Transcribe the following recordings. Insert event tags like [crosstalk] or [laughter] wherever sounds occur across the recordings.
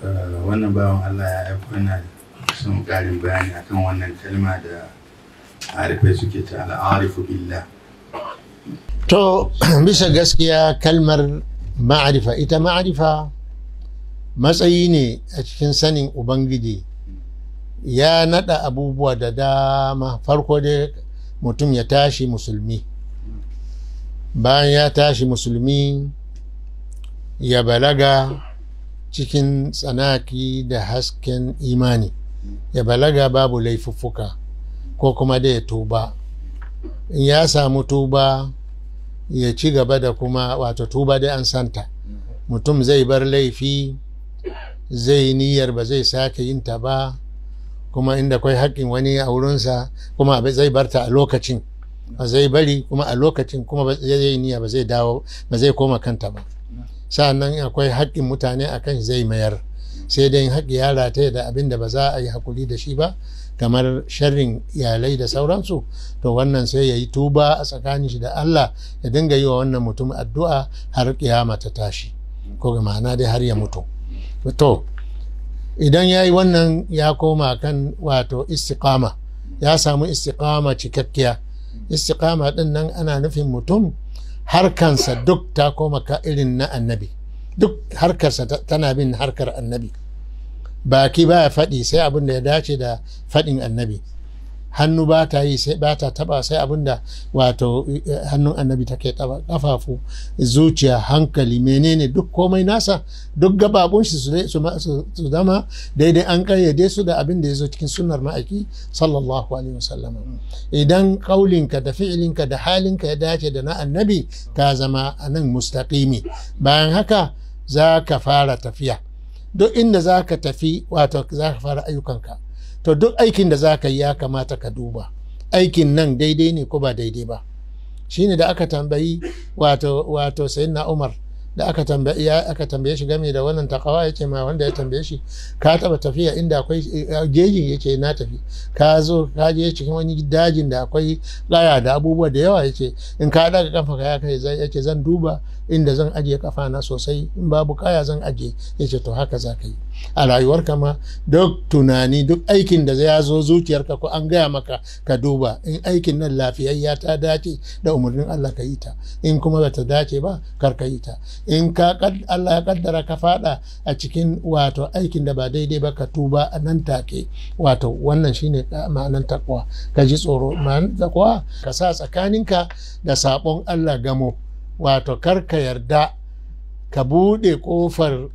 Eh, wannan bawan Allah ya aiko yana son ƙarin bayani akan wannan kalma da arifai suke ta al'arifu billah to [clears throat] bisa gaskiya kalmar ma'arifa ita ma'arifa matsayi ne a cikin sanin ubangiji ya nada abubuwa da dama farko dai mutum ya tashi musulmi bayan ya tashi musulmi ya balaga cikin tsanaki da hasken imani ya balaga babu laifuffuka ko kuma da ya tuba in ya samu tuba ya ci gaba da kuma wato tuba da an santa mutum zai bar laifi zai niyyar ba zai sake yin ta ba kuma inda kwai haƙƙin wani a wurinsa kuma zai barta a lokacin ba zai bari kuma a lokacin kuma zai niyya ba zai koma kanta ba sa'annan akwai haƙƙin mutane akan zai mayar sai dai haƙƙi ya rataya da abin da ba za a yi hakuri da shi ba kamar sharrin iyalai da sauransu to wannan sai ya yi tuba a tsakanin shi da Allah ya dinga yi wa wannan mutum addu'a har kiyama ta tashi ko ga ma'ana dai har ya mutu to idan ya yi wannan ya koma kan wato istiqama ya samu istiqama cikakkiya istiqama din nan ana nufin mutum harkansa duk ta koma ka irin na annabi duk harkarsa tana bin harkar annabi baki baya faɗi sai abin da ya dace da faɗin annabi hannu ba ta yi sai ba ta taba sai abinda wato eh, hannun annabi take taba kafafu zuciya hankali menene duk komai nasa duk gababun shi su zama daidai an kayyade su da abin da ya zo cikin sunnar ma'aiki sallallahu alaihi wasallam idan kaulinka da fi'ilinka da halinka ya dace da na annabi ka zama nan mustaqimi bayan haka za ka fara tafiya duk inda za ka tafi wato za ka fara ayyukanka to duk aikin da za ka yi ya kamata ka duba aikin nan daidai ne ko ba daidai ba shine da aka tambayi wato wato sayyidina umar da aka tambaye ya aka tambaye shi game da wannan takawa yace ma wanda ya tambaye shi ka taba tafiya inda akwai eh, gejin yace na tafi ka zo ka je cikin wani dajin da akwai laya da abubuwa da yawa yace in ka daga kafa ka ya kai yace zan duba inda zan ajiye kafa na sosai in babu kaya zan ajiye yace to haka za ka yi a rayuwarka ma duk tunani duk aikin da ya zo zuciyarka ko an gaya maka ka duba in aikin nan lafiyayya ta dace da umarnin Allah ka yi ta in kuma bata dace ba kar ka yi ta in ka Allah ya kaddara ka fada a cikin wato aikin da ba daidai ba ka tuba a nan take wato wannan shine ma'anan takwa ka ji tsoro ma'anan takwa ka sa tsakaninka da sabon Allah gamo wato kar ka yarda ka bude kofar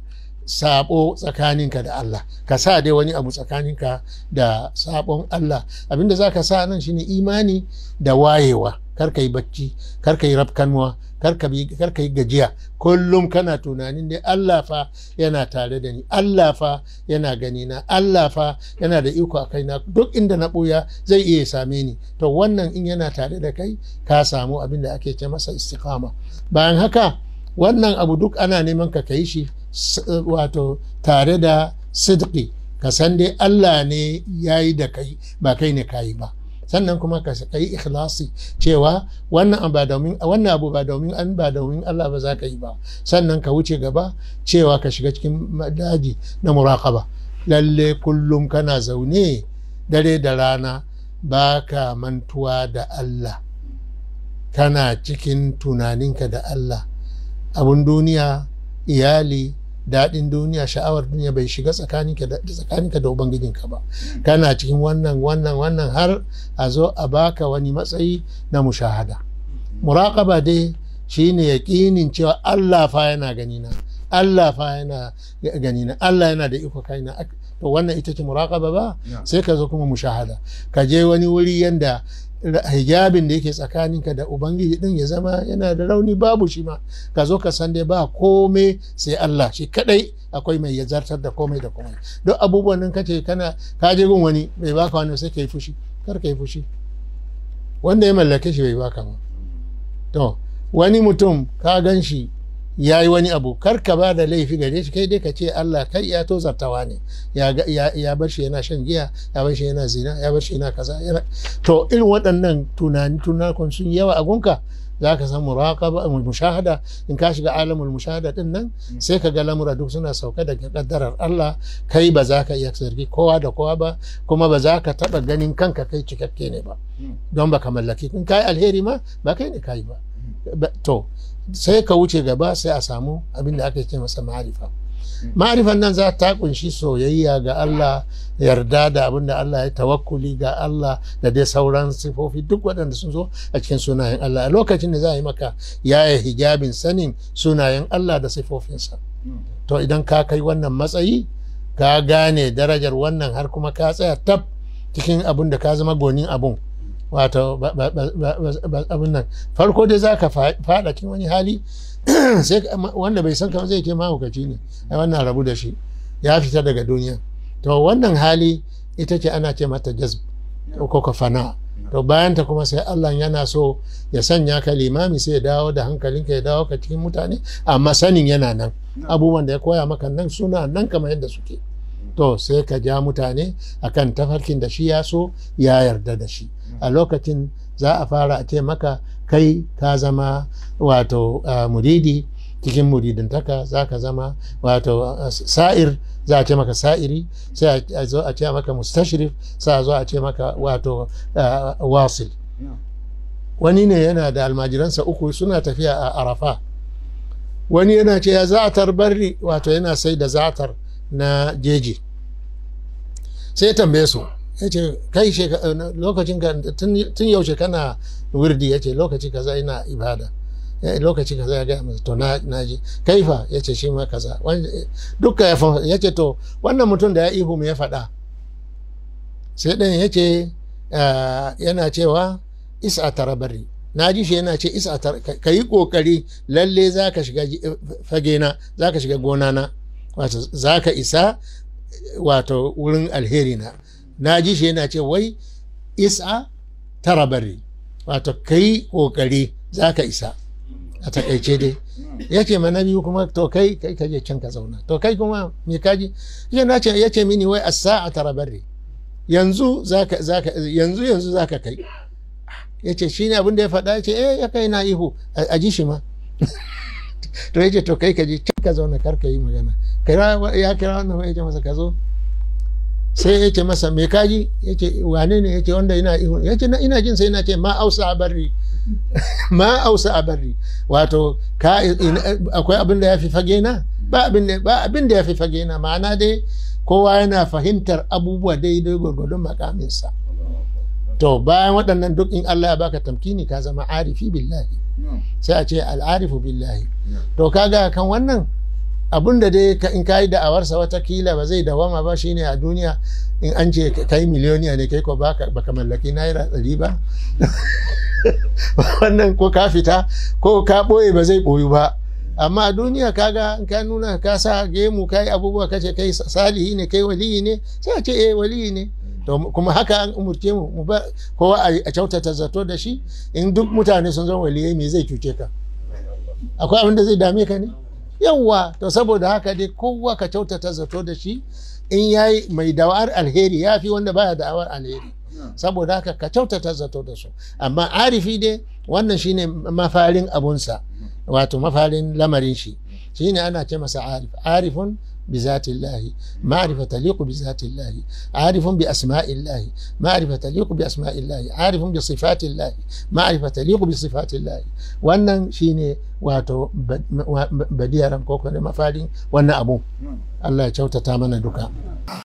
sabo tsakaninka da Allah ka sa dai wani abu tsakaninka da sabon Allah abinda za ka sa nan shine imani da wayewa kar ka yi bacci kar ka yi rafkanwa kar ka yi gajiya kullum kana tunanin dai. Allah fa yana tare da ni Allah fa yana gani na Allah fa yana da iko a kaina duk inda na ɓuya zai iya same ni to wannan in yana tare da kai ka samu abin da ake ce masa istiqama bayan haka wannan abu duk ana neman ka kai shi wato tare da sidqi ka san dai Allah ne yayi da kai ba kai ne kayi ba sannan kuma ka yi ikhlasi cewa wannan abu ba domin wannan abu ba domin an ba domin Allah ba za ka yi ba sannan ka wuce gaba cewa ka shiga cikin daji na muraqaba lalle kullum kana zaune dare da rana ba ka mantuwa da Allah kana cikin tunaninka da Allah abun duniya iyali daɗin duniya sha'awar duniya bai shiga tsakaninka da ubangijinka ba kana cikin wannan wannan wannan har a zo a baka wani matsayi na mushahada muraƙaba dai shine yaƙinin cewa Allah fa yana ganina Allah fa yana ganina Allah yana da iko kaina to wannan ita ce muraƙaba ba sai ka zo kuma mushahada ka je wani wuri yanda hijabin da yake tsakaninka da ubangiji din ya zama yana da rauni babu shi ma ka zo ka san dai ba komai sai Allah shi kadai akwai mai yazartar da komai da komai don abubuwan nan kace kana ka je gun wani bai baka wani sai kai fushi kar kai fushi wanda ya mallake shi bai baka ba to wani mutum ka gan shi ya yi wani abu kar ka ba da laifi gare shi kai dai ka ce Allah kai ya to zartawa ne ya bar shi yana shan giya ya bar shi yana zina ya bar shi yana kaza to irin waɗannan tunani tunakon sun yawa a gunka za ka san muraqaba mushahada in ka shiga alamul mushahada din nan mm. sai ka ga lamura duk suna sauka daga kaddarar Allah kai ba za ka iya zargi kowa da kowa ba kuma ba za ka taba ganin kanka kai cikakke ne ba mm. don ba ka mallaki in kai alheri ma ba kai ne kai mm. ba to sai ka wuce gaba sai a samu abin da aka ce masa ma'arifa ma'arifan nan za ta kunshi soyayya ga Allah yarda da abin da Allah ya tawakkuli ga Allah da dai sauran sifofi duk waɗanda sun zo a cikin sunayen Allah a lokacin da za a yi maka yaya hijabin sanin sunayen Allah da sifofinsa to idan ka kai wannan matsayi ka gane darajar wannan har kuma ka tsaya tab cikin abin da ka zama gonin abun wato abin nan farko dai za ka fada cikin wani hali [clears throat] sai wanda bai san kama zai ke mahaukaci ne ai wannan rabu da shi ya fita daga duniya to wannan hali ita ce ana ce mata jazb ko ka fana to bayan ta kuma sai Allah yana so ya sanya ka limami sai ya dawo da hankalinka ya dawo ka cikin mutane amma sanin yana nan abubuwan da ya koya maka nan suna nan kamar yadda suke to sai ka ja mutane akan tafarkin da shi ya so ya yarda da shi a lokacin za a fara a ce maka kai ka zama wato muridi cikin muridantaka za ka zama wato sa'ir za a ce maka sa'iri sai a zo a ce maka mustashirif sai a zo a ce maka wato wasil wani ne yana da almajiransa uku suna tafiya a arafa wani yana ce ya zatar barri wato yana sai da zatar na jeji sai tambaye su ya ce kai eh, lokacin ka tun yaushe kana wirdi ya ce lokaci kaza ina ibada lokaci kaza ya gaya masa to na ji kaifa ya ce shi ma kaza dukka ya ce to wannan mutum da ya ihu mu ya faɗa sai ɗin ya ce ah, yana cewa isa tarabari na ji shi yana ce isa ka yi ƙoƙari lalle za ka shiga eh, fagena za ka shiga gonana wato za ka isa wato wurin alheri na na ji shi yana ce wai isa tara bari wato kai kokari za ka isa a takaice dai ya ce ma na biyu kuma to kai kai ka je can ka zauna to kai kuma me kaji ya ce ya ce mini wai asa saa tara bari? yanzu yanzu yanzu ka kai ya ce shi ne abin da ya faɗa ya ce eh ya kai na ihu a ji shi ma [laughs] to ya ce to kai ka je can ka zauna kar ka yi magana ya kira wannan ya ce masa ka zo sai ya ce masa me kaji ya ce wane ne ya ce wanda ina ihu ya ce ina jin sai ina ce ma ausa a barri [laughs] ma a barri wato akwai abin da ya fi fage na ba abin da ya fi fage na ma'ana dai kowa yana fahimtar abubuwa daidai gwargwadon makaminsa to bayan waɗannan duk in Allah ya baka tamkini ka zama arifi billahi sai a ce al'arifu billahi to kaga kan wannan abun da dai in ka yi da'awarsa watakila ba zai dawama ba shine a duniya in an ce ka yi miliyoniya ne kai ko ba ka mallaki naira ɗari ba [laughs] wannan ko ka fita ko ka ɓoye ba zai ɓoyu ba amma a duniya kaga in ka nuna ka sa gemu kai abubuwa kace ce kai salihi ne kai waliyi ne sai a ce eh waliyi ne kuma haka an umurce mu ba kowa a kyautata zato da shi in duk mutane sun zama waliyai me zai cuce ka akwai abin da zai dame ka ne yawwa to saboda haka dai kowa ka kyautata zato da shi in ya yi mai da'awar alheri ya fi wanda baya da'awar alheri saboda haka ka kyautata zato da su amma arifi dai wannan shine mafarin abunsa wato mafarin lamarin shi shine ana ce masa arif arifun بذات الله معرفة تليق بذات الله عارف بأسماء الله معرفة تليق بأسماء الله عارف بصفات الله معرفة تليق بصفات الله wannan شيني واتو بديرا كوكو kuma mafalin wannan abu Allah ya kyautata mana